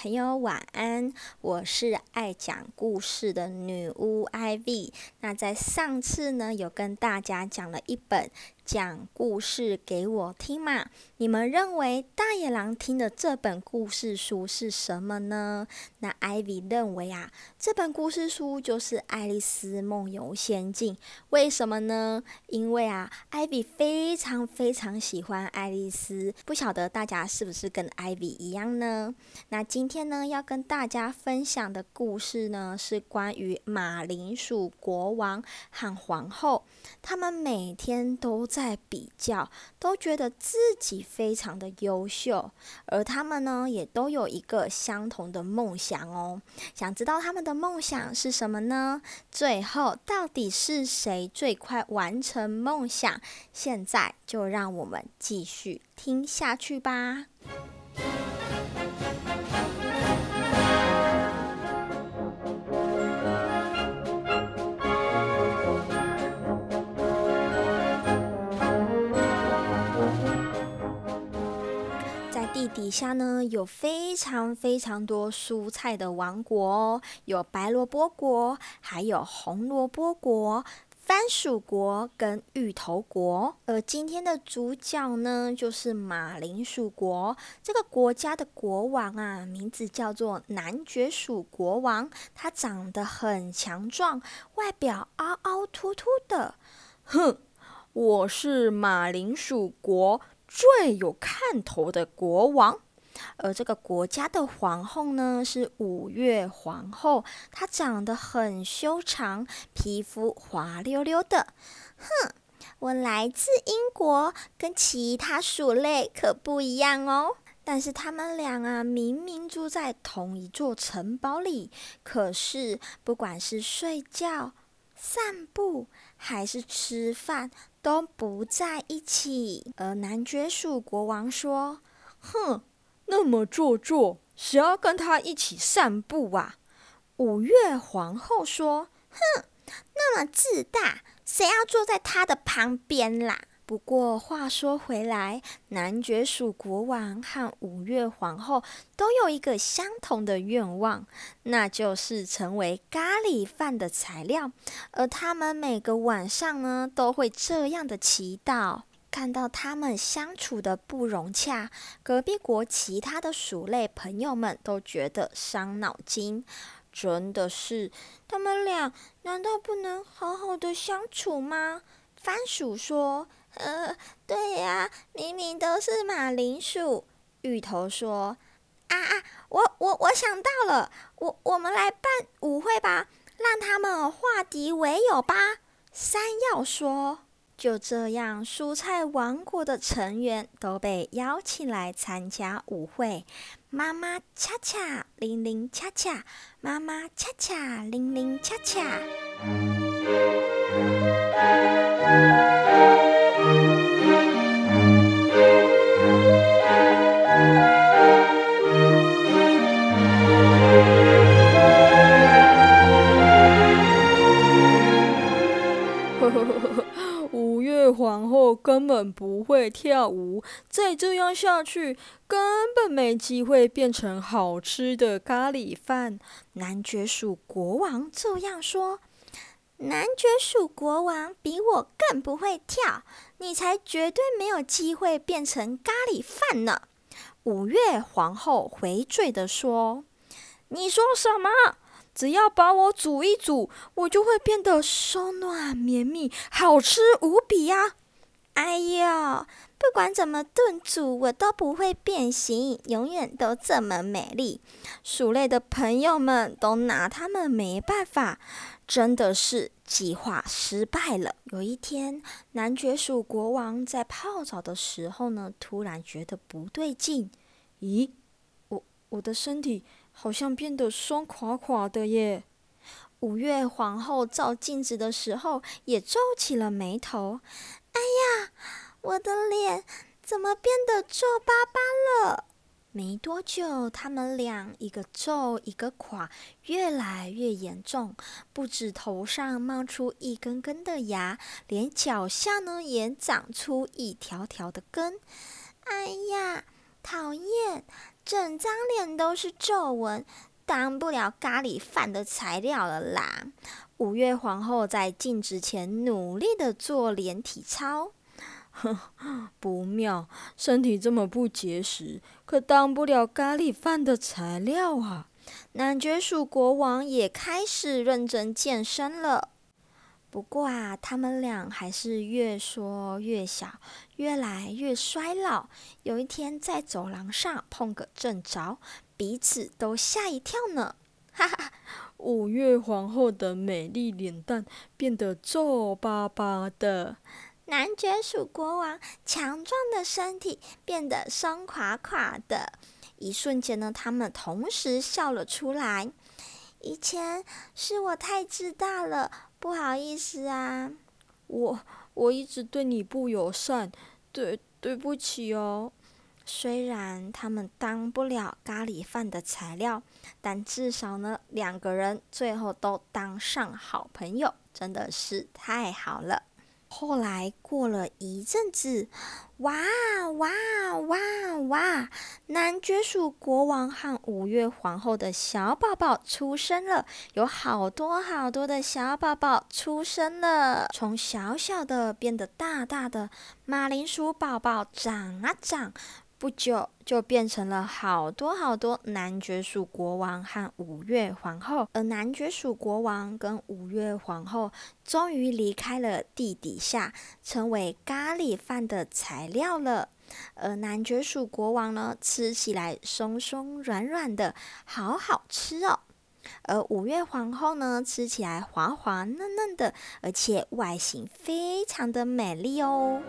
朋友晚安，我是愛講故事的女巫 IVY。那在上次呢，有跟大家講了一本。講故事給我聽嘛？你們認為大野狼聽的這本故事書是什麼呢？那 Ivy 認為啊，這本故事書就是《愛麗絲夢遊仙境》。為什麼呢？因為啊，Ivy 非常非常喜歡愛麗絲。不曉得大家是不是跟 Ivy 一樣呢？那今天呢，要跟大家分享的故事呢，是關於馬鈴薯國王和皇後，他們每天都在。在比較，都覺得自己非常的優秀，而他們呢，也都有一個相同的夢想哦。想知道他們的夢想是什麼呢？最後，到底是誰最快完成夢想？現在就讓我們繼續聽下去吧。底下呢，有非常非常多蔬菜的王國哦，有白蘿蔔國，還有紅蘿蔔國、番薯國跟芋頭國。而今天的主角呢，就是馬鈴薯國。這個國家的國王啊，名字叫做男爵薯國王。他長得很強壯，外表凹凹凸凸的。哼，我是馬鈴薯國最有看頭的國王，而這個國家的皇後呢，是五月皇後，她長得很修長，皮膚滑溜溜的。哼，我來自英國，跟其他薯類可不一樣哦。但是他們倆啊，明明住在同一座城堡裡，可是不管是睡覺、散步還是吃飯。都不在一起。而男爵薯國王說：“哼，那麼做作，誰要跟他一起散步啊？”五月皇後說：“哼，那麼自大，誰要坐在他的旁邊啦？”不過話說回來，男爵薯國王和五月皇後都有一個相同的願望，那就是成為咖喱飯的材料。而他們每個晚上呢，都會這樣的祈禱。看到他們相處的不融洽，隔壁國其他的薯類朋友們都覺得傷腦筋。真的是，他們倆難道不能好好的相處嗎？番薯說。呃，對呀、啊，明明都是馬鈴薯。芋頭說：“啊啊，我我我想到了，我我們來辦舞會吧，讓他們化敵為友吧。”山藥說：“就這樣，蔬菜王國的成員都被邀請來參加舞會。”媽媽恰恰，零零恰恰，媽媽恰恰，零零恰恰。根本不會跳舞，再這樣下去，根本沒機會變成好吃的咖喱飯。男爵薯國王這樣說。男爵薯國王，比我更不會跳，你才絕對沒有機會變成咖喱飯呢。五月皇后回嘴的說：“你說什麼？只要把我煮一煮，我就會變得鬆軟綿密，好吃無比呀、啊！”哎呦，不管怎麼燉煮，我都不會變形，永遠都這麼美麗。薯類的朋友們都拿他們沒辦法，真的是計劃失敗了。有一天，男爵薯國王在泡澡的時候呢，突然覺得不對勁，咦，我我的身體好像變得鬆垮垮的耶。五月皇后照鏡子的時候也皺起了眉頭，哎呀。我的臉怎麼變得皺巴巴了？沒多久，他們倆一個皺，一個垮，越來越嚴重。不止頭上冒出一根根的芽，連腳下呢也長出一條條的根。哎呀，討厭！整張臉都是皺紋，當不了咖喱飯的材料了啦。五月皇後在鏡子前努力的做臉體操。 不妙，身體這麼不結實，可當不了咖喱飯的材料啊！男爵薯國王也開始認真健身了。不過啊，他們倆還是越縮越小，越來越衰老。有一天在走廊上碰個正着，彼此都嚇一跳呢。哈哈，五月皇後的美麗臉蛋變得皺巴巴的。男爵薯國王強壯的身體變得鬆垮垮的，一瞬間呢，他們同時笑了出來。以前是我太自大了，不好意思啊。我我一直對你不友善，對對不起哦。雖然他們當不了咖喱飯的材料，但至少呢，兩個人最後都當上好朋友，真的是太好了。後來過了一陣子，哇哇哇哇！男爵薯國王和五月皇後的小寶寶出生了，有好多好多的小寶寶出生了，從小小的變得大大的馬鈴薯寶寶長啊長，不久。就變成了好多好多男爵薯國王和五月皇後，而男爵薯國王跟五月皇后終於離開了地底下，成為咖喱飯的材料了。而男爵薯國王呢，吃起來鬆松軟軟的，好好吃哦。而五月皇後呢，吃起來滑滑嫩嫩的，而且外形非常的美麗哦。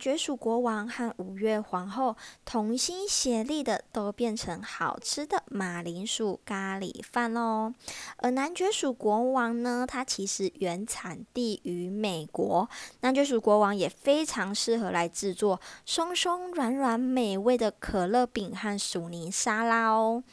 爵薯國王和五月皇后同心協力的，都變成好吃的馬鈴薯咖喱飯哦。而男爵薯國王呢，他其實原產地於美國，男爵薯國王也非常適合來制作鬆松軟軟美味的可樂餅和薯泥沙拉哦。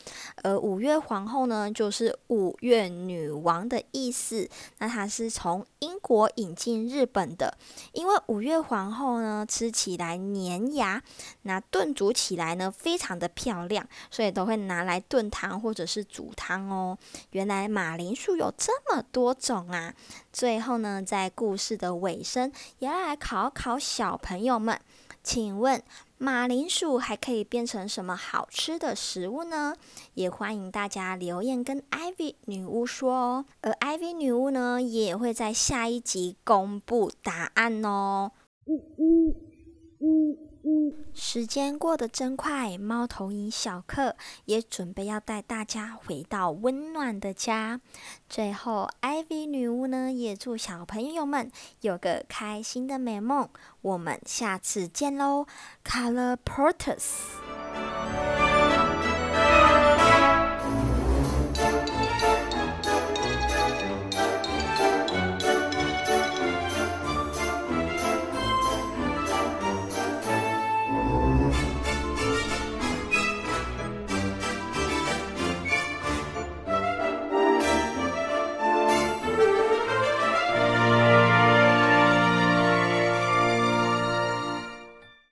而五月皇後呢，就是五月女王的意思，那他是從英國引進日本的，因為五月皇後呢。吃起來黏牙，那燉煮起來呢，非常的漂亮，所以都會拿來燉湯或者是煮湯哦。原來馬鈴薯有這麼多種啊！最後呢，在故事的尾聲，也要來考考小朋友們，請問馬鈴薯還可以變成什麼好吃的食物呢？也歡迎大家留言跟 Ivy 女巫說哦，而 Ivy 女巫呢，也會在下一集公布答案哦。嗯嗯時間過得真快，貓頭鷹小克也準備要帶大家回到溫暖的家。最後，IVY 女巫呢也祝小朋友們有個開心的美夢。我們下次見嘍，Colloportus。